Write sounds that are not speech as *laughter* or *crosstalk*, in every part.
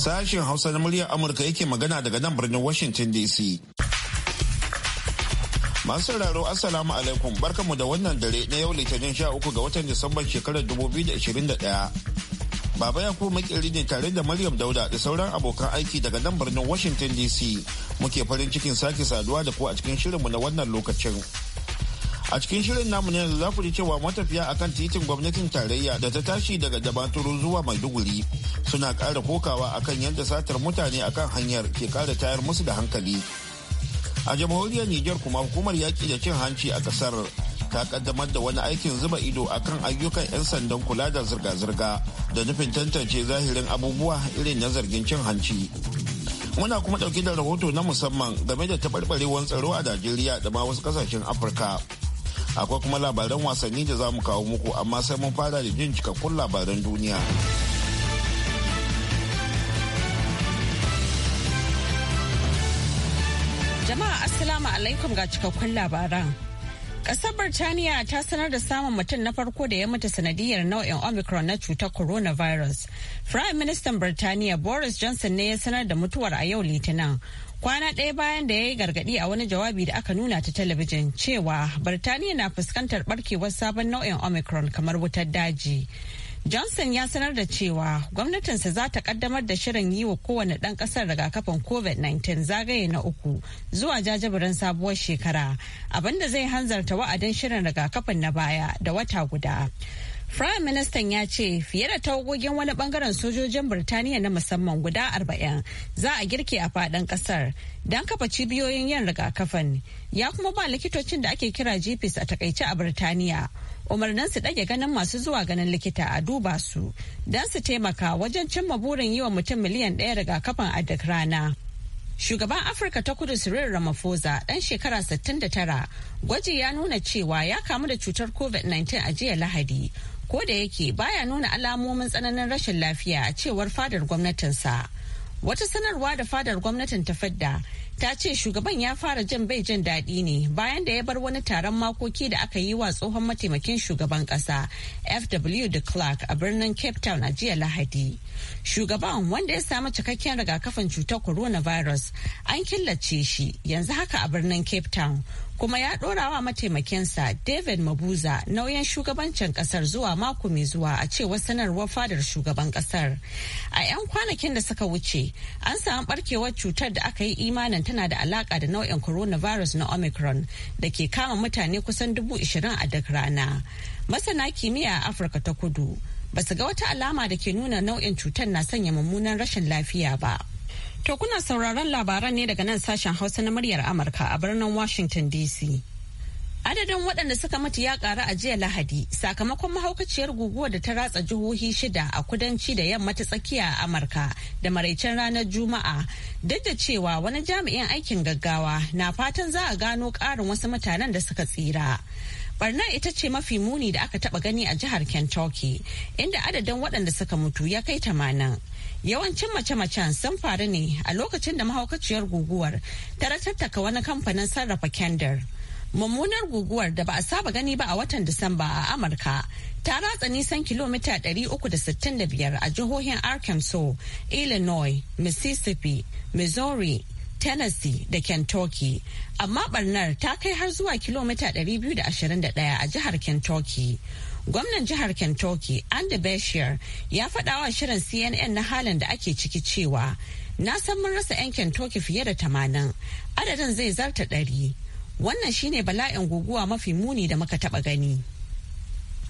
Sashen Hausa na muryar Amurka yake magana daga nan birnin Washington DC. Masu sauraro Assalamu alaikum barkanmu da wannan dare na yau Litinin uku ga watan Disamban shekarar 2021. Baba ya kuma makeri ne tare da Maryam Dauda da sauran abokan aiki daga nan birnin Washington DC. Muke farin cikin sake saduwa da ku a cikin shirinmu na wannan lokacin. A cikin shirin namu yanzu za ku ji cewa matafiya akan titin gwamnatin tarayya da ta tashi daga dabaturu zuwa Maiduguri suna ƙara kokawa akan yadda satar mutane akan hanyar ke kara tayar musu da hankali. A jamhuriyar Nijar kuma hukumar yaƙi da cin hanci a ƙasar ta ƙaddamar da wani aikin zuba ido akan ayyukan 'yan sandan kula da zirga-zirga da nufin tantance zahirin abubuwa irin na zargin cin hanci. Muna kuma ɗauke da rahoto na musamman game da taɓarɓarewar tsaro a Najeriya da ma wasu ƙasashen Afirka. akwai kuma labaran wasanni da za mu kawo muku amma sai mun fara da jin cikakkun labaran duniya jama'a assalamu alaikum ga cikakkun labaran Ƙasar Birtaniya ta sanar da samun mutum na farko da ya mutu sanadiyar nau'in Omicron na cutar coronavirus. Prime Minister Birtaniya Boris Johnson ne ya sanar da mutuwar a yau Litinin, kwana ɗaya bayan da ya yi gargaɗi a wani jawabi da aka nuna ta talabijin cewa birtaniya na fuskantar ɓarkewar sabon nau'in omicron kamar wutar daji johnson ya sanar da cewa gwamnatinsa za ta kaddamar da shirin yi wa kowane ɗan ƙasar rigakafin covid-19 zagaye na uku zuwa jajibirin sabuwar shekara abinda zai hanzarta wa'adin shirin rigakafin na baya da wata guda Prime Minister ya ce fiye da tawagogin wani bangaren sojojin Birtaniya na musamman guda 40 za a girke a faɗin kasar don kafa cibiyoyin yin rigakafin. Ya kuma ba likitocin da ake kira GPS a takaice a Birtaniya. Umarnin su ɗage ganin masu zuwa ganin likita a duba su don su taimaka wajen cimma burin yi wa mutum miliyan ɗaya rigakafin a duk rana. Shugaban Afirka ta kudu Cyril Ramaphosa ɗan shekara 69 gwaji ya nuna cewa ya kamu da cutar COVID-19 a jiya Lahadi ko da yake baya nuna alamomin tsananin rashin lafiya a cewar fadar gwamnatinsa. Wata sanarwa da fadar gwamnatin ta fadda ta ce shugaban ya fara jin bai jin daɗi ne bayan da ya bar wani taron makoki da aka yi wa tsohon mataimakin shugaban ƙasa fw de clark a birnin cape town a jiya lahadi shugaban wanda ya samu cikakken rigakafin cutar coronavirus an killace shi yanzu haka a birnin cape town kuma ya ɗora wa mataimakinsa david mabuza nauyin shugabancin kasar zuwa mako mai zuwa a cewar sanarwar fadar shugaban kasar a 'yan kwanakin da suka wuce an samu barkewar cutar da aka yi imanin tana da alaka da nau'in coronavirus na omicron da ke kama mutane kusan dubu ishirin a duk rana masana kimiyya a afirka ta kudu ba su ga wata alama da ke nuna nau'in cutar na sanya mummunan rashin lafiya ba To kuna sauraron labaran ne daga nan sashen Hausa na muryar Amurka a birnin Washington DC. Adadin waɗanda suka mutu ya ƙaru a jiya Lahadi sakamakon mahaukaciyar guguwar da ta ratsa jihohi shida a kudanci da yamma ta tsakiya a Amurka da maraicin ranar Juma'a duk da cewa wani jami'in aikin gaggawa na fatan za a gano ƙarin wasu mutanen da suka tsira. barna ita ce mafi muni da aka taɓa gani a jihar kentucky inda adadin waɗanda suka mutu ya kai tamanin Yawancin mace-macen sun faru ne a lokacin da mahaukaciyar guguwar ta ratattaka wani kamfanin sarrafa kendir. Mummunar guguwar da ba a saba gani ba a watan Disamba a Amurka ta ratsa nisan kilomita 365 a jihohin Arkansas, Illinois, Mississippi, Missouri, Tennessee da Kentucky, amma barnar ta kai har zuwa kilomita 221 a jihar Kentucky. Gwamnan jihar Kentucky, Andy Beshear, ya faɗa wa shirin CNN na halin da ake ciki cewa, na san mun rasa 'yan Kentucky fiye da tamanin, adadin zai zarta ɗari. Wannan shine bala'in guguwa mafi muni da muka taɓa gani.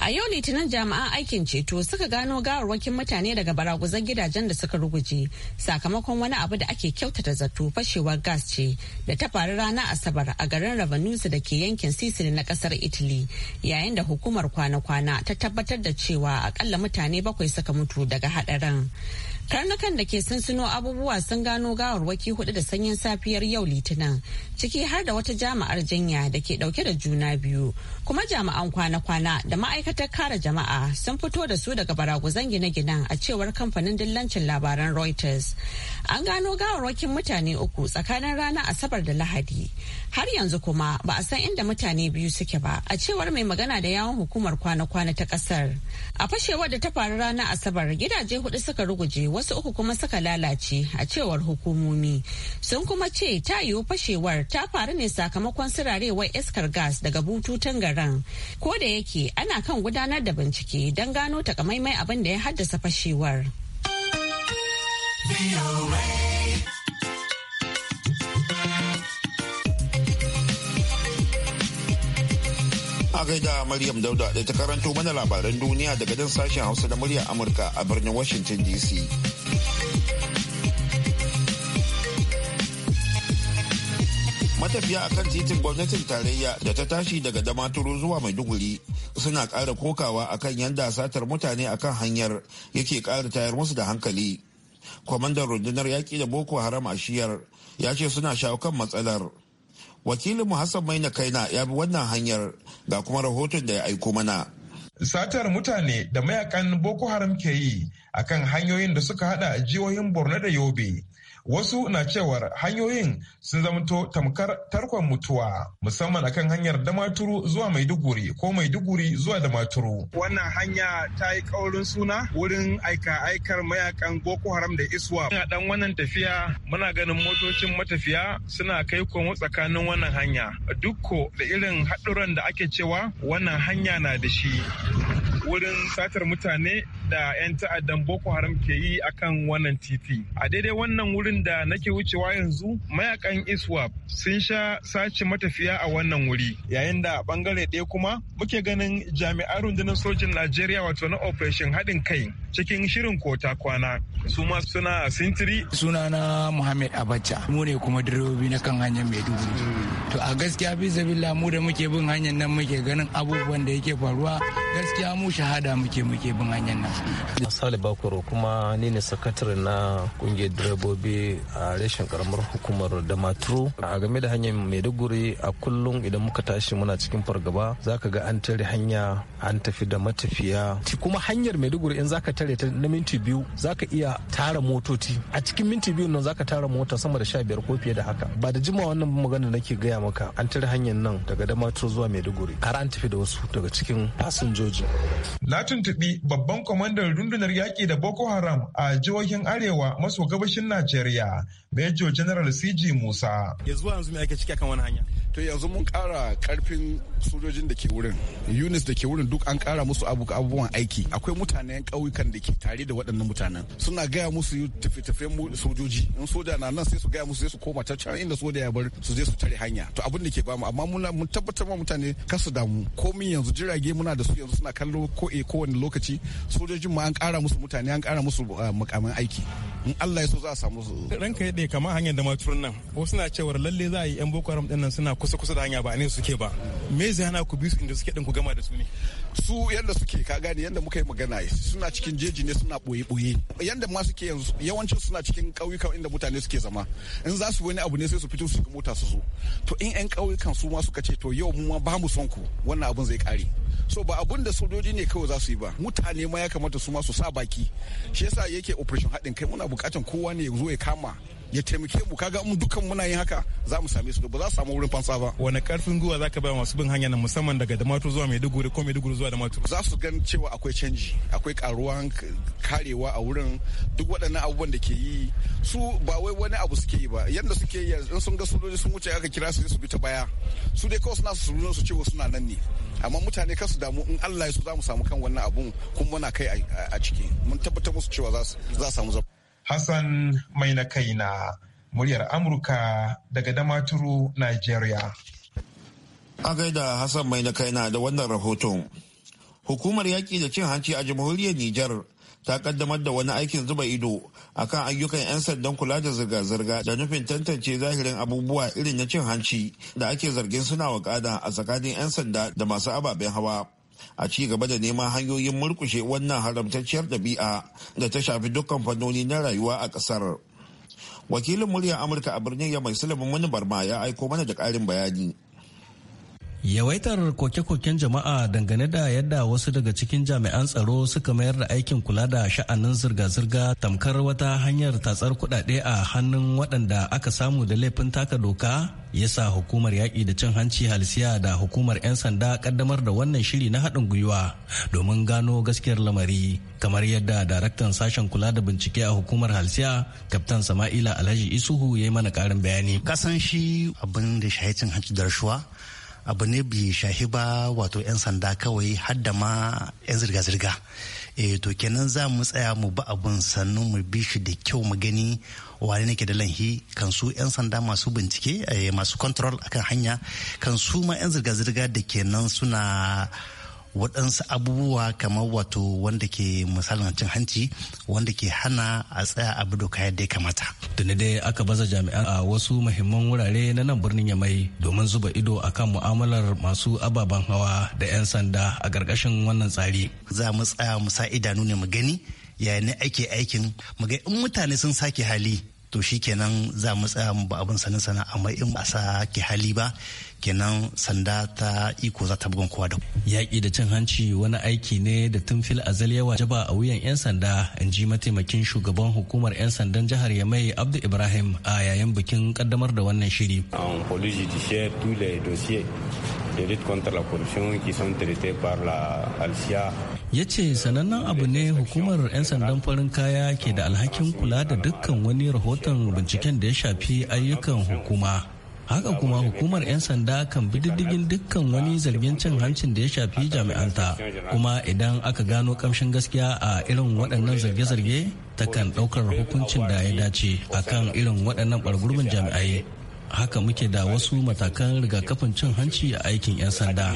A yau litinin jami'an aikin ceto suka gano gawarwakin mutane daga baraguzan gidajen da suka ruguje sakamakon wani abu da ake kyautata zato fashewar gas ce da ta faru ranar Asabar a garin Ravanusa da ke yankin Sicily na kasar Italy yayin da hukumar kwana-kwana ta tabbatar da cewa akalla mutane bakwai suka mutu daga hadarin. karnukan da ke sunsuno abubuwa sun gano gawarwaki hudu da sanyin safiyar yau litinin ciki har da wata jami'ar jinya da ke dauke da juna biyu kuma jami'an kwana-kwana da ma'aikatar kare jama'a sun fito da su daga baraguzan gine-ginen a cewar kamfanin dillancin labaran reuters an gano gawarwakin mutane uku tsakanin ranar asabar da lahadi har yanzu kuma ba a san inda mutane biyu suke ba a cewar mai magana da yawon hukumar kwana-kwana ta kasar a fashewar da ta faru ranar asabar gidaje hudu suka ruguje wasu uku kuma suka lalace a cewar hukumomi sun kuma ce ta yiwu fashewar ta faru ne sakamakon sirarewar iskar gas daga bututun garan ko da yake ana kan gudanar da bincike don gano takamaimai abin da ya haddasa fashewar. a gaida Maryam Dauda da ta karanto mana labaran duniya daga dan sashen Hausa da murya Amurka a birnin Washington DC. Matafiya akan titin gwamnatin tarayya da ta tashi daga damaturu zuwa Maiduguri suna ƙara kokawa akan yadda satar mutane akan hanyar yake kara tayar musu da hankali. Kwamandan rundunar yaƙi da Boko Haram a shiyar ya ce suna shawo kan matsalar. Wakilinmu Hassan Maina Kaina ya bi wannan hanyar ga kuma rahoton da ya aiko mana satar mutane da mayakan boko haram ke yi akan hanyoyin da suka hada jihohin borno da yobe wasu na cewar hanyoyin sun zamanto tamkar tarkon mutuwa musamman akan hanyar damaturu zuwa maiduguri ko maiduguri zuwa damaturu wannan hanya ta yi kaurin suna wurin aika aikar mayakan boko haram da iswa a dan wannan tafiya muna ganin motocin matafiya suna kai komo tsakanin wannan hanya dukko da irin haɗuran da ake cewa wannan hanya na da shi wurin satar mutane da 'yan ta'addan Boko Haram ke yi akan wannan titi. A daidai wannan wurin da nake wucewa yanzu mayakan iswa sun sha sace matafiya a wannan wuri. Yayin da bangare ɗaya kuma muke ganin jami'an rundunar sojin Najeriya wato na Operation haɗin kai cikin shirin kota kwana. Su ma suna sintiri. Sunana Muhammad Abacha. Mu ne kuma direbobi na kan hanyar Maiduguri. To a gaskiya bisa mu da muke bin hanyar nan muke ganin abubuwan da yake faruwa gaskiya mu shahada muke muke bin hanyar nan. Sale Bakoro kuma ni ne sakatare na kungiyar direbobi a reshen karamar hukumar da a game da hanyar Maiduguri a kullum idan muka tashi muna cikin fargaba Za ka ga an tare hanya an tafi da matafiya Ti kuma hanyar Maiduguri in zaka tare ta na minti biyu zaka iya tara motoci a cikin minti biyu nan zaka tara mota sama da sha biyar ko fiye da haka ba da jima wannan magana nake gaya maka an tare hanyar nan daga Damaturu zuwa Maiduguri har an tafi da wasu daga cikin fasinjoji Na tuntuɓi babban kwamandan rundunar yaƙi da Boko Haram a jihohin Arewa maso gabashin Najeriya, Major General CG Musa. Ya zuwa yanzu me ake ciki akan wani hanya? to yanzu mun kara karfin sojojin da ke wurin unis da ke wurin duk an kara musu abubuwan aiki akwai mutanen ƙauyukan da ke tare da waɗannan mutanen suna gaya musu tafe-tafen sojoji in soja na nan sai su gaya musu sai su koma ta can inda soja ya bar su je su tare hanya to abin da ke bamu amma mun tabbatar ma mutane kasu damu komin yanzu jirage muna da su yanzu suna kallo ko e kowane lokaci sojojin ma an kara musu mutane an kara musu ah, mukamin aiki in Allah ya so za a samu ranka ya kamar hanyar da maturin nan ko suna cewar lalle za a yi yan boko haram din suna kusa-kusa da hanya ba ne suke ba me zai hana ku bi su inda suke din ku gama da su ne su yadda suke ka gane yadda muka yi magana suna cikin jeji ne suna boye-boye yadda ma suke yanzu yawancin suna cikin ƙauyukan inda mutane suke zama in za su wani abu ne sai su fito su mota su zo to in 'yan ƙauyukan su ma suka ce to yau mu ma ba mu son ku wannan abun zai kare so ba abun da sojoji ne kawai za su yi ba mutane ma ya kamata su ma su sa baki shi yasa yake operation haɗin kai muna bukatan kowa ne ya zo ya kama ya taimake mu kaga mu dukkan muna yin haka za mu same su ba za su samu wurin fansa ba wani karfin gwiwa za ka ba masu bin hanya na musamman daga damato zuwa maiduguri ko maiduguri zuwa damato za su gan cewa akwai canji akwai karuwan karewa a wurin duk waɗannan abubuwan da ke yi su ba wai wani abu suke yi ba yadda suke yi in sun ga sojoji sun wuce aka kira su su bi ta baya su dai kawai suna su su cewa suna nan ne amma mutane kasu damu in Allah ya so za mu samu kan wannan abun kuma muna kai a ciki mun tabbatar musu cewa za su samu zaba Hassan mai na kaina muryar Amurka daga Damaturu, Nigeria. A gaida Hassan mai na kaina da wannan rahoton. Hukumar yaƙi da cin hanci a jamhuriyar Nijar ta kaddamar da wani aikin zuba ido akan ayyukan 'yan sandan kula da zirga-zirga da nufin tantance zahirin abubuwa irin na cin hanci da ake zargin suna wakada a tsakanin 'yan sanda da masu ababen hawa. a ci gaba da neman hanyoyin murkushe wannan haramtacciyar ɗabi'a da ta shafi dukkan fannoni na rayuwa a ƙasar. Wakilin muryar Amurka a birnin mai Sulaiman Muni Barma ya aiko mana da ƙarin bayani. Yawaitar koke-koken jama'a dangane da yadda wasu daga cikin jami'an tsaro suka mayar da aikin kula da sha'anin zirga-zirga tamkar wata hanyar tatsar kuɗaɗe a hannun waɗanda aka samu da laifin taka doka ya sa hukumar yaƙi da cin hanci halsiya da hukumar 'yan sanda ƙaddamar da wannan shiri na haɗin gwiwa domin gano gaskiyar lamari kamar yadda daraktan sashen kula da bincike a hukumar halsiya kaftan sama'ila alhaji isuhu ya yi mana ƙarin bayani kasan shi abin da shahicin hanci da rashuwa abu ne bai shahi ba wato 'yan sanda kawai hadda ma 'yan zirga-zirga e, to kenan za mu tsaya mu ba abun sannu mu bi shi da kyau mu gani wane ne ke da lanhi kan su 'yan sanda masu bincike eh, masu control akan hanya kan su ma 'yan zirga-zirga da kenan suna waɗansu abubuwa kamar wato wanda ke misalin cin hanci wanda ke hana a tsaya abu doka yadda ya kamata. Tuni dai aka baza jami'an a wasu mahimman wurare na nan birnin Yamai domin zuba ido a kan mu'amalar masu ababen hawa da 'yan sanda a ƙarƙashin wannan tsari. Za mu tsaya mu sa idanu ne mu gani yayin ake aikin mu ga in mutane sun sake hali to shikenan za mu tsaya mu ba abin sanin sana amma in ba sake hali ba kenan sanda ta iko za ta bugan kowa da yaƙi da cin hanci wani aiki ne da tun fil azal yawa jaba a wuyan 'yan sanda in ji mataimakin shugaban hukumar 'yan sandan jihar yamai abdu ibrahim a yayin bikin kaddamar da wannan shiri de lutte contre la corruption qui ya ce sanannen abu ne hukumar 'yan sandan farin kaya ke da alhakin kula da dukkan wani rahoton binciken da ya shafi ayyukan hukuma haka kuma hukumar 'yan sanda kan bi diddigin dukkan wani zargin cin hancin da ya shafi jami'anta kuma idan aka gano kamshin gaskiya a irin waɗannan zarge-zarge ta kan ɗaukar hukuncin da ya dace akan irin waɗannan ɓargurbin jami'ai haka muke da wasu matakan rigakafin cin hanci a aikin 'yan sanda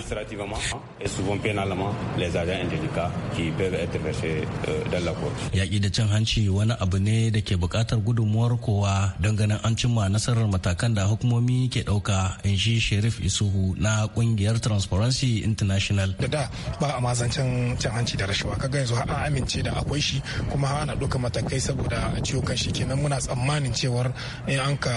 yaƙi da cin hanci wani abu ne da ke buƙatar gudunmuwar kowa don ganin an cimma nasarar matakan da hukumomi ke ɗauka in shi sherif isuhu na ƙungiyar transparency international da da ba a mazancin cin hanci da rashawa kaga yanzu an amince da akwai shi kuma ana ɗauka matakai saboda a ciwo kan shi kenan muna tsammanin cewar in an ka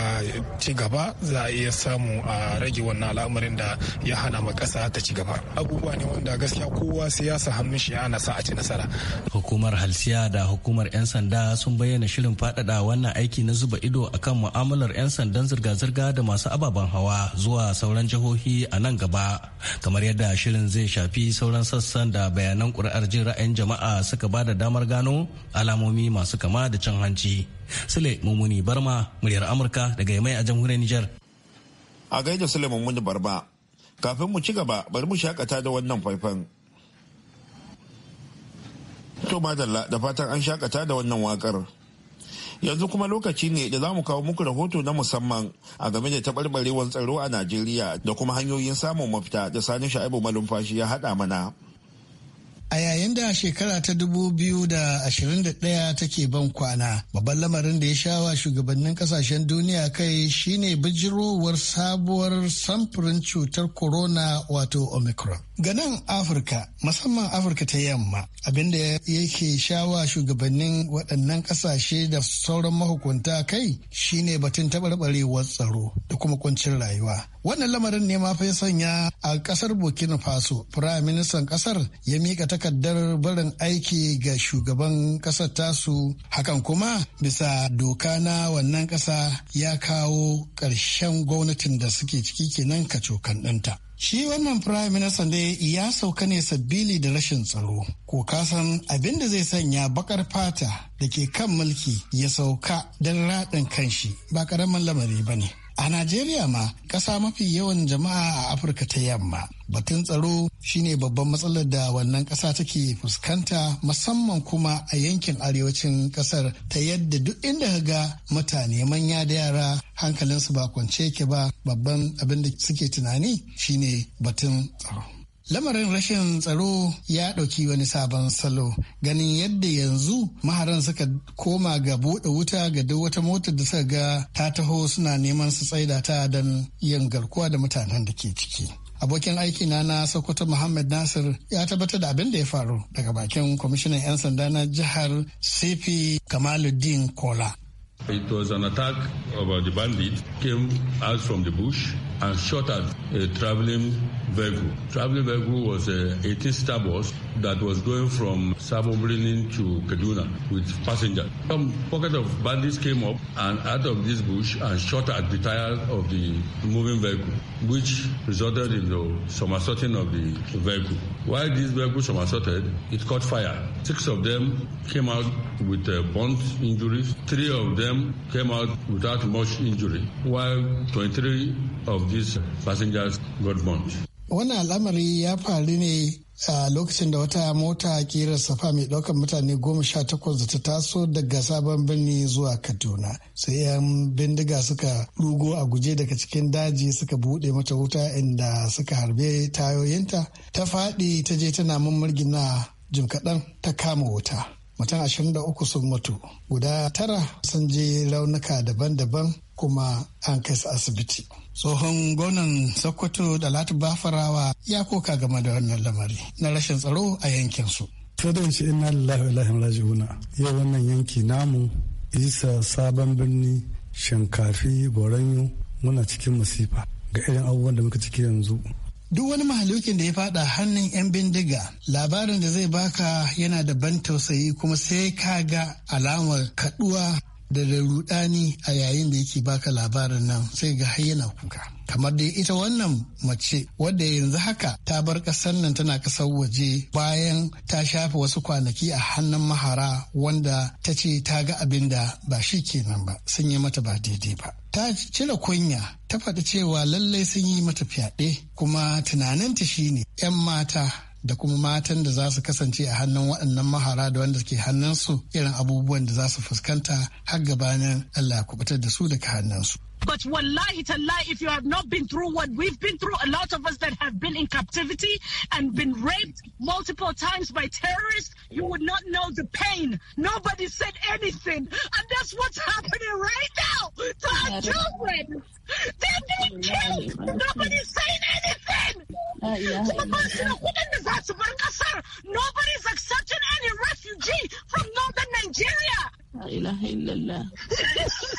ci gaba za a iya samu a rage wannan al'amarin da ya hana ma ƙasa ta ci gaba abubuwa ne wanda gaskiya kowa siyasa hannun shi ana sa a ci nasara hukumar halsiya da hukumar 'yan sanda sun bayyana shirin faɗaɗa wannan aiki na zuba ido akan mu'amalar 'yan sandan zirga-zirga da masu ababen hawa zuwa sauran jihohi a nan gaba kamar yadda shirin zai shafi sauran sassan da bayanan ƙuri'ar jin ra'ayin jama'a suka ba da damar gano alamomi masu kama da cin hanci Sule Mummuni Barma, muryar Amurka daga Yamai a jamhuriyar Nijar. A gaida Sule Mummuni Barma, kafin mu ci gaba bari mu shakata da wannan faifan. To madalla da fatan an shakata da wannan wakar. Yanzu kuma lokaci ne da za mu kawo muku rahoto na musamman a game da taɓarɓarewar tsaro a Najeriya da kuma hanyoyin samun mafita da sanin sha'ibu malumfashi ya haɗa mana. A yayin da shekara ta 2021 take ban kwana, babban lamarin da ya shawa shugabannin kasashen duniya kai shine bijirowar sabuwar samfurin cutar corona wato Omicron. Ganin Afirka, musamman Afirka ta yamma, abinda yake shawa shugabannin waɗannan kasashe da sauran mahukunta kai shine batun taɓarɓarewar tsaro da kuma kuncin rayuwa. Wannan lamarin ne ma fai sanya a kasar Burkina Faso, prime ƙasar kasar ya mika takardar barin aiki ga shugaban kasar tasu. Hakan kuma bisa doka na wannan kasa ya kawo ƙarshen gwamnatin da suke ciki kenan kacokan ɗinta. Shi wannan Prime Minister dai ya sauka ne sabili da rashin tsaro, ko kasan abin da zai sanya bakar fata da ke kan mulki ya sauka don raɗin kanshi ba ƙaramin lamari ba ne. A Najeriya ma ƙasa mafi yawan jama'a a Afirka ta yamma. Batun tsaro shine babban matsalar da wannan ƙasa take fuskanta musamman kuma a yankin arewacin ƙasar ta yadda duk inda ga mutane manya da yara hankalinsu ba kwance yake ba babban abin da suke tunani shine batun tsaro. Lamarin rashin tsaro ya ɗauki wani sabon salo ganin yadda yanzu maharan suka koma ga buɗe wuta ga duk wata motar da suka ga ta taho suna neman su tsaida ta don yin garkuwa da mutanen da ke ciki. Abokin aiki na na Sokoto Muhammad Nasir ya tabbatar da abin da ya faru daga bakin kwamishinan 'yan sanda na jihar sefi Kamaluddin Kola. It was an attack about the bandit came out from the bush and shot at a traveling vehicle. Traveling vehicle was a 18 star bus that was going from Sabo to Kaduna with passengers. Some pocket of bandits came up and out of this bush and shot at the tire of the moving vehicle, which resulted in the somersaulting of the vehicle. While this vehicle somersaulted, it caught fire. Six of them came out with uh, burnt injuries. Three of them them came out without much injury, while 23 of these passengers got burned. Wannan al'amari ya faru ne a lokacin da wata mota kirar safa mai ɗaukar mutane goma sha takwas da ta taso daga sabon birni zuwa kaduna sai yan bindiga suka rugo a guje daga cikin daji suka buɗe mata wuta inda suka harbe tayoyinta ta faɗi ta je tana mummurgina jim kaɗan ta kama wuta mutum 23 sun mutu guda tara sun je launuka daban-daban kuma an kai su asibiti tsohon gwamnan sokoto da lati bafarawa ya koka game da wannan lamari na rashin tsaro a yankinsu tadon shi inna lillahi wa ilahi raji'una yau wannan yanki namu isa sabon birni shinkafi goranyo muna cikin masifa ga irin abubuwan da muka ciki yanzu Duk wani mahalukin da ya fada hannun 'yan bindiga labarin da zai baka yana da ban tausayi kuma sai ka ga alamar kaduwa da rudani a yayin da yake baka labarin nan sai ga har yana kuka. kamar dai ita wannan mace wadda yanzu haka ta bar ƙasar nan tana kasar waje bayan ta shafe wasu kwanaki a hannun mahara wanda ta ce ta ga abin da ba shi kenan ba sun yi mata ba daidai ba ta cire kunya ta faɗi cewa lallai sun yi mata fyaɗe kuma tunaninta shine 'yan mata da kuma matan da za su kasance a hannun waɗannan mahara da wanda ke hannunsu irin abubuwan da za su fuskanta har gabanin Allah kubutar da su daga hannunsu. But wallahi lie? if you have not been through what we've been through, a lot of us that have been in captivity and been raped multiple times by terrorists, you would not know the pain. Nobody said anything. And that's what's happening right now to our children. They're being killed. Nobody's saying anything. Uh, Nobody's accepting any refugee from northern Nigeria. *laughs*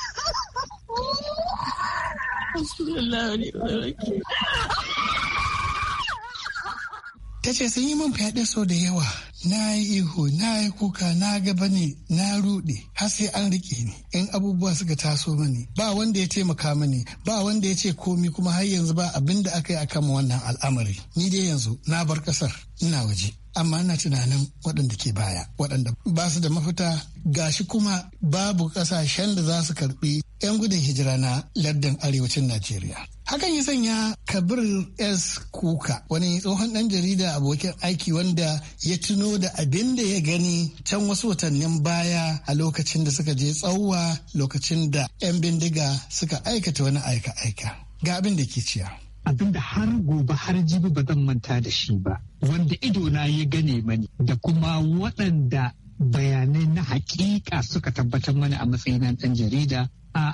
ta ce sun yi min fyaɗe sau da yawa na yi ihu na yi kuka na gaba ne na ruɗe har sai an rike ni in abubuwa suka taso mani ba wanda ya taimaka mani ba wanda ya ce komi kuma har yanzu ba abinda aka yi a akan wannan al'amari ni dai yanzu na bar ƙasar ina waje amma ina tunanin waɗanda ke baya waɗanda ba su da mafita gashi kuma babu ƙasashen da za su karɓi 'yan gudun hijira na lardin arewacin najeriya hakan ya sanya kabir s kuka wani tsohon ɗan jarida abokin aiki wanda ya tuno da abin da ya gani can wasu watannin baya a lokacin da suka je tsawwa lokacin da 'yan bindiga suka aikata wani aika-aika ga abin da ke ciya Abin da har gobe har jibi ba zan manta da shi ba wanda idona ya gane mani da kuma waɗanda bayanai na hakika suka tabbatar mani a matsayin ɗan jarida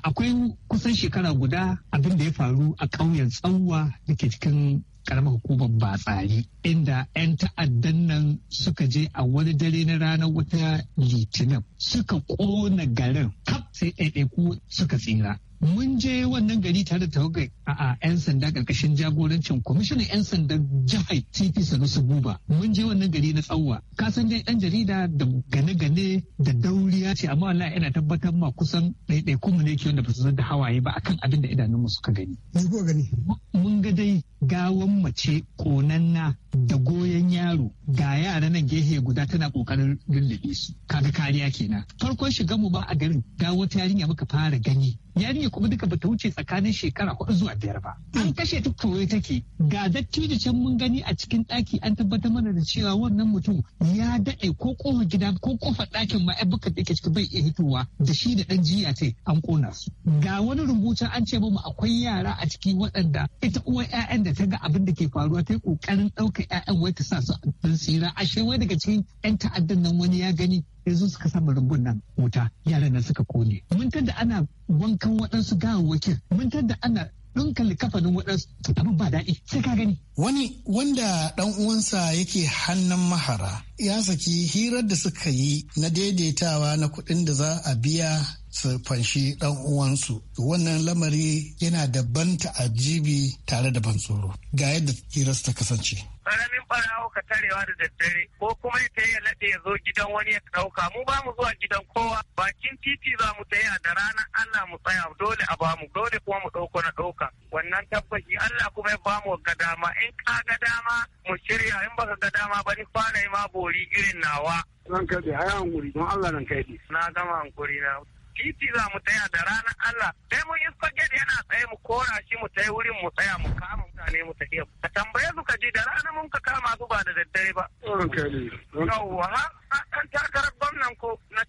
akwai kusan shekara guda abin da ya faru a ƙauyen tsawwa da ke cikin karamar hukumar batsari inda 'yan ta'addan nan suka je a wani dare na ranar wata litinin suka ƙona garin kaf sai ɗaiɗaiku suka tsira mun je wannan gari tare da tawagai a 'yan sanda karkashin jagorancin kwamishinan 'yan sandan jihar tp sanusi buba mun je wannan gari na tsawwa ka san dai dan jarida da gane-gane da dauriya ce amma wallahi ina tabbatar ma kusan ɗaiɗaiku mu ne ke wanda ba su da hawaye ba akan abin da idanun mu suka gani. gani. Mun ga dai gawan mace konanna da goyon yaro ga yara nan gehe guda tana kokarin lullube su kaga kariya kenan farkon shiga mu ba a garin ga wata yarinya muka fara gani yarinya kuma duka bata wuce tsakanin shekara hudu zuwa biyar ba an kashe ta koyo take ga dattijo can mun gani a cikin ɗaki an tabbatar mana da cewa wannan mutum ya daɗe ko ƙofa gida ko ƙofar ɗakin ma ya take ciki bai iya hitowa da shi da ɗan jiya ce an ƙona su ga wani rubutun an ce mamu akwai yara a ciki waɗanda ita uwar ƴaƴan da ta ga abin da ke faruwa ta yi ƙoƙarin ɗaukar ƴaƴan wai ta sa su don tsira ashe wai daga cikin 'yan ta'addan nan wani ya gani yanzu suka samu rumbun nan wuta yaran nan suka kone mun da ana wanka kan waɗansu wakil mun tadda ana ɗinka likafanin waɗansu abin ba daɗi sai ka gani. Wani wanda ɗan uwansa yake hannun mahara ya saki hirar da suka yi na daidaitawa na kuɗin da za a biya su fanshi ɗan uwansu wannan lamari yana da ban ta'ajibi tare da ban tsoro ga yadda hirar ta kasance karamin barawo ka tarewa da daddare ko kuma ya ya laɗe ya zo gidan wani ya ɗauka mu ba mu zuwa gidan kowa bakin titi za mu taya da rana, Allah mu tsaya dole a bamu dole kuma mu ɗauko na ɗauka wannan tabbaci Allah kuma ya bamu ga dama in ka ga dama mu shirya in baka ga dama ba ni kwana ma bori irin nawa. Ran kaɗe, a yi hankuri don Allah ran kaɗe. Na gama hankuri na. titi za mu tsaya da ranar Allah sai mun yi yana tsaye mu kora shi mu tai wurin mu tsaya mu kama mutane mu tafiya ka tambaye su ka ji da rana mun ka kama su ba da daddare ba. Yawwa ɗan takarar gwamnan ko na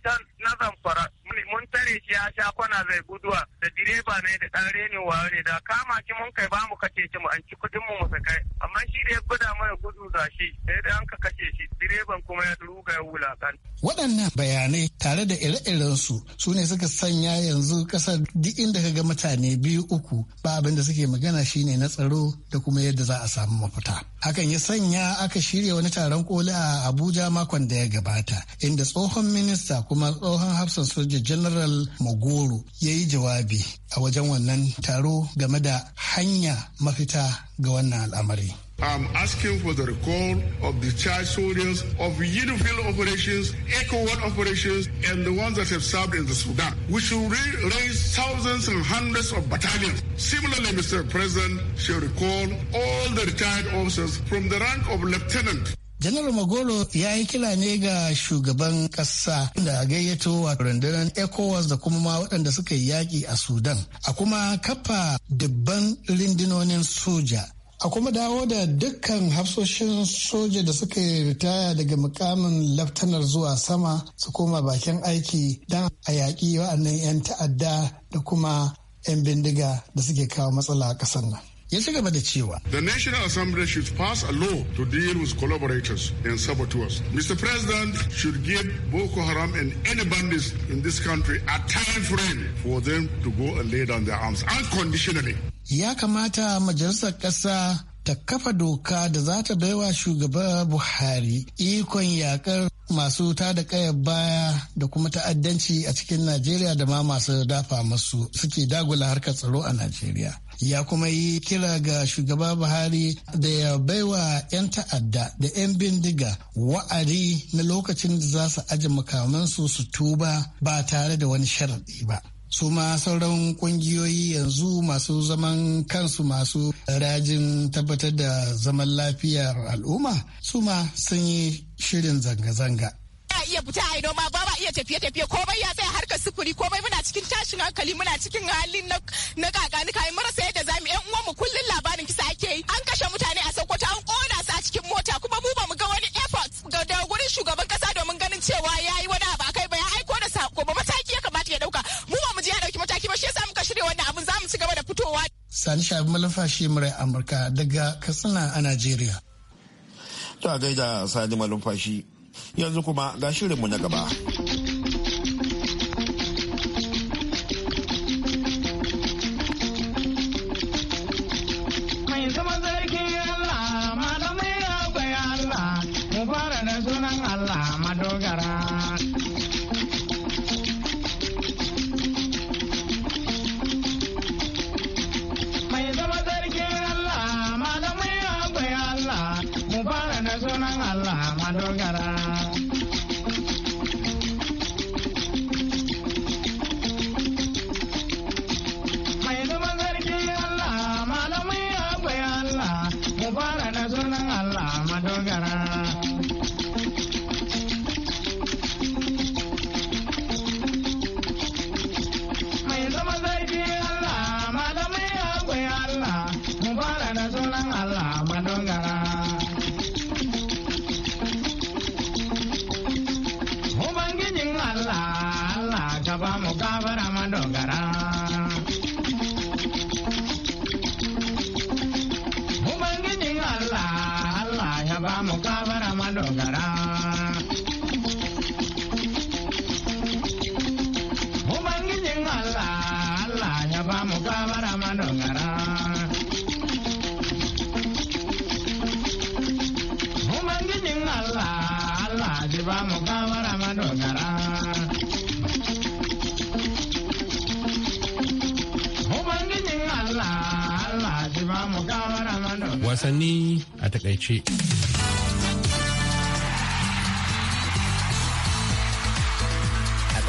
zamfara mun tare shi ya sha kwana zai guduwa da direba ne da ɗan reni wayo ne da kama ki mun kai bamu kace shi mu an ci kudin mu mu sakai amma shi da ya guda mana gudu za shi sai da an ka kace shi direban kuma ya ruga ya wulakan. Waɗannan bayanai tare da ire-iren su su ne suka sanya yanzu ƙasar duk inda ka ga mutane biyu uku ba abin da suke magana shine na tsaro da kuma yadda za a samu mafita. Hakan ya sanya aka shirya wani taron koli a Abuja makon da ya gabata. gabata inda tsohon minista kuma tsohon hafsan soja general magoro ya yi jawabi a wajen wannan taro game da hanya mafita ga wannan al'amari. I'm asking for the recall of the charged soldiers of UNIFIL operations, One operations, and the ones that have served in the Sudan. We should raise thousands and hundreds of battalions. Similarly, Mr. President should recall all the retired officers from the rank of lieutenant janar magolo ya yi kila ne ga shugaban kasa da gayyato wa rundunar ecowas da kuma waɗanda suka yi yaƙi a sudan a kuma kafa dubban rundunonin soja a kuma dawo da dukkan hafsoshin soja da suka yi ritaya daga mukamin laftanar zuwa sama su koma bakin aiki don a yaƙi wa'annan 'yan ta'adda da kuma 'yan bindiga da suke kawo matsala a ƙasar nan ya ci gaba da cewa The National Assembly should pass a law to deal with collaborators and saboteurs. Mr. President should give Boko Haram and any bandits in this country a time frame for them to go and lay down their arms unconditionally. Ya kamata majalisar ƙasa ta kafa doka da za ta baiwa shugaba Buhari ikon yakar masu ta da kaya baya da kuma ta'addanci a cikin Najeriya da ma masu dafa masu suke dagula harkar tsaro a Najeriya. Ya kuma yi kira ga shugaba Buhari da ya baiwa 'yan ta'adda da 'yan bindiga wa'adi na lokacin da za su aji makamansu su tuba ba tare da wani sharaɗi ba. su ma sauran kungiyoyi yanzu masu zaman kansu masu rajin tabbatar da zaman lafiyar al'umma su ma sun yi shirin zanga-zanga. iya fita a ma ba ba iya tafiye-tafiye komai ya tsaya harkar sufuri komai muna cikin tashin hankali muna cikin halin na kakani yi marasa yadda za mu yan uwanmu kullum labarin kisa ake yi an kashe mutane a sokoto an kona su a cikin mota kuma mu ba mu ga wani effort ga wurin shugaban kasa domin ganin cewa ya yi wani abu akai su gaba da fitowa. Sani Shabi shi murai Amurka daga Katsina a Najeriya. Ta gaida Sani shi yanzu kuma ga shirinmu na gaba. mu gabara madongara. Ubangijin Allah, Allah ji ba mu Wasanni a takaice.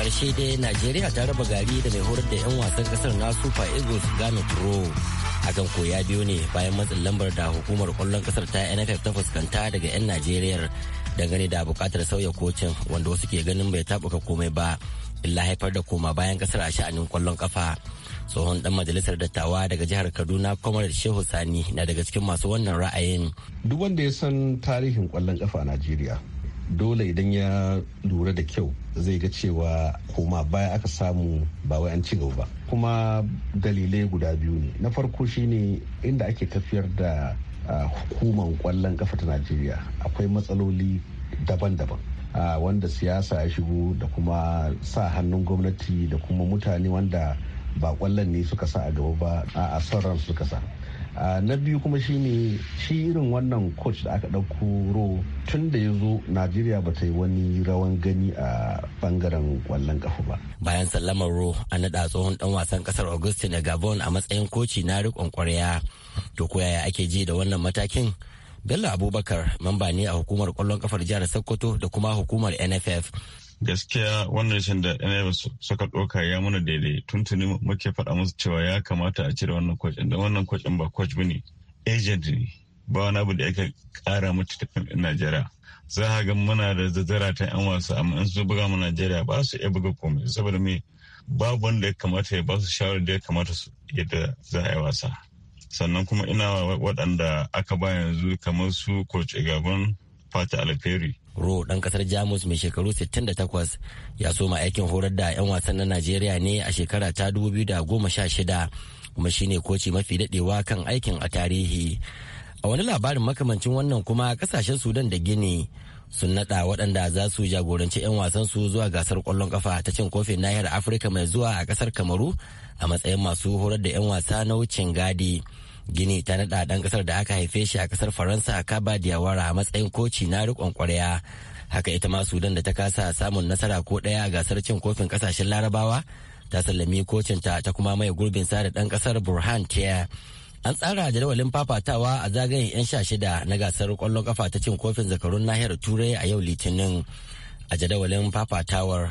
karshe dai najeriya ta raba gari da mai horar da 'yan wasan kasar na super eagles Ghana Pro. hakan ko ya biyo ne bayan matsin lambar da hukumar kwallon kasar ta nff ta fuskanta daga 'yan najeriyar dangane da bukatar sauya kocin wanda wasu ke ganin bai tabuka komai ba illa haifar da koma bayan kasar a sha'anin kwallon kafa tsohon dan majalisar dattawa daga jihar kaduna kwamar shehu sani na daga cikin masu wannan ra'ayin duk wanda ya san tarihin kwallon kafa a najeriya dole idan ya lura da kyau zai ga cewa koma baya aka samu ba wai an ci gaba ba kuma dalilai guda biyu ne na farko shine inda ake tafiyar da hukuman kwallon kafa ta najeriya akwai matsaloli daban-daban wanda siyasa ya shigo da kuma sa hannun gwamnati da kuma mutane wanda ba kwallon ne suka sa a gaba ba a son suka sa na biyu kuma shine shi irin wannan coach da aka ɗauko ro tun da ya zo najeriya ba ta yi wani rawan gani a bangaren kwallon kafa ba bayan sallamar ro a naɗa tsohon ɗan wasan ƙasar augustin da gabon a matsayin koci na riƙon kwarya to ko yaya ake ji da wannan matakin bello abubakar mamba ne a hukumar kwallon kafar jihar sokoto da kuma hukumar nff gaskiya wannan shi da NFF suka ɗauka ya muna daidai tuntuni muke faɗa musu cewa ya kamata a cire wannan coach da wannan coach ba coach bane agent ne ba wani abu da ka ƙara mutu tafin Najeriya za a ga muna da zazzara ta yan wasa amma in su buga mu Najeriya ba su iya buga komai saboda me babu wanda ya kamata ya ba su shawarar da ya kamata su yadda za a yi wasa sannan kuma ina waɗanda aka ba yanzu kamar su coach gaban Fata Alferi ro dan kasar jamus mai shekaru 68 ya soma aikin horar da 'yan wasan na najeriya ne a shekara ta 2016 kuma shine koci mafi dadewa kan aikin a tarihi a wani labarin makamancin wannan kuma kasashen sudan da gini sun naɗa waɗanda za su jagoranci 'yan wasan su zuwa gasar ƙwallon kafa ta cin kofin nahiyar afirka mai zuwa a ƙasar kamaru a matsayin masu horar da 'yan wasa na wucin gadi. gini ta naɗa ɗan ƙasar da aka haife shi a ƙasar faransa a kaba diyawara a matsayin koci na riƙon ƙwarya haka ita ma sudan da ta kasa samun nasara ko ɗaya a gasar cin kofin ƙasashen larabawa ta sallami kocinta ta ta kuma mai gurbin sa da ɗan ƙasar burhan tiya an tsara jadawalin fafatawa a zagayen 'yan sha shida na gasar ƙwallon kafa ta cin kofin zakarun nahiyar turai a yau litinin a jadawalin fafatawar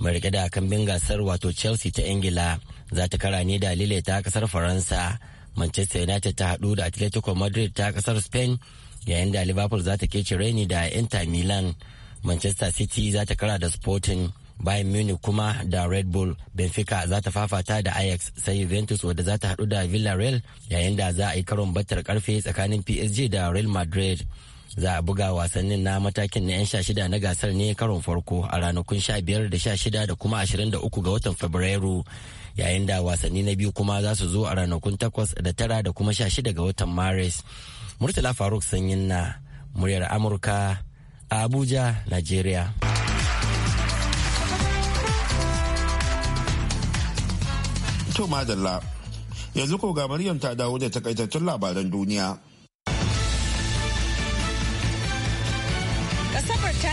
mai rike da kambin gasar wato chelsea ta ingila za ta kara ne da ta kasar faransa manchester united ta haɗu da atletico madrid ta ƙasar spain yayin da liverpool za ta kece raini da inter milan manchester city za ta kara da sporting bayan munich kuma da red bull benfica za ta fafata da ajax sai juventus wadda za ta haɗu da villarreal yayin da za a yi karon battar karfe tsakanin psg da real madrid za a buga wasannin na matakin na 'yan sha shida na gasar ne karon farko a ranakun sha da sha shida da kuma 23 ga watan fabrairu yayin da wasanni na biyu kuma za su zo a ranakun takwas da tara da kuma sha shida ga watan maris murtala faruk sanyin na muryar amurka a abuja nigeria to madalla yanzu ko ga maryam ta dawo da takaitattun labaran duniya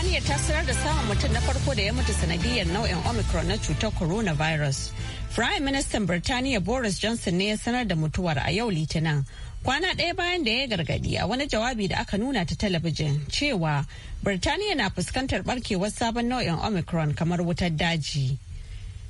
Birtaniya ta sanar da samun mutum na farko da ya mutu sanadiyar nau'in Omicron na cutar coronavirus. Prime Ministan Birtaniya Boris Johnson ne ya sanar da mutuwar a yau Litinin. Kwana ɗaya bayan da ya gargadi a wani jawabi da aka nuna ta talabijin cewa Birtaniya na fuskantar barkewar sabon nau'in Omicron kamar wutar daji.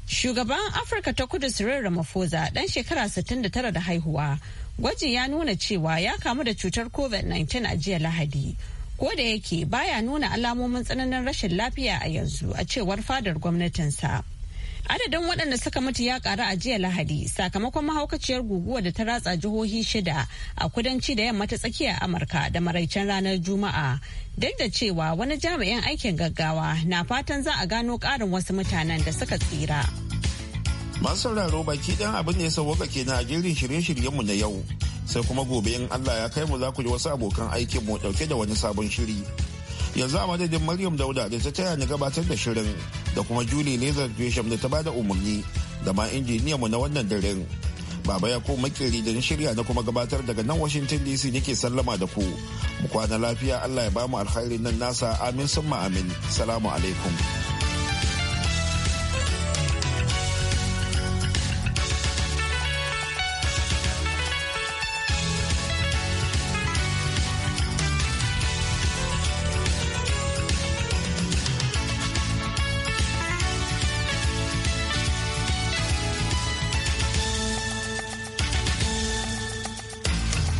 Shugaban Afirka ta kudu Cyril Ramaphosa ɗan shekara 69 da haihuwa. Gwaji ya nuna cewa ya kamu da cutar COVID-19 a jiya Lahadi. ko da yake baya nuna alamomin tsananin rashin lafiya a yanzu a cewar fadar gwamnatinsa. Adadin waɗanda suka mutu ya ƙaru a jiya Lahadi sakamakon mahaukaciyar guguwa da ta ratsa jihohi shida a kudanci da yamma ta tsakiyar Amurka da maraicen ranar Juma'a. Duk da cewa wani jami'in aikin gaggawa na fatan za a gano ƙarin wasu mutanen da suka tsira. Masu sauraro baki ɗan abin da ya sauwaka kenan a jerin shirye-shiryenmu na yau. sai kuma gobe in Allah ya kai mu za ku ji wasu abokan aikin mu dauke da wani sabon shiri. Yanzu a madadin Maryam Dauda da ta taya ni gabatar da shirin da kuma Juli Lazar Gresham da ta ba da umarni da ma injiniya mu na wannan daren. Baba ya ko makiri da shirya na kuma gabatar daga nan Washington DC nake sallama da ku. Mu kwana lafiya Allah ya ba mu alkhairin nan nasa amin summa amin. Salamu alaikum.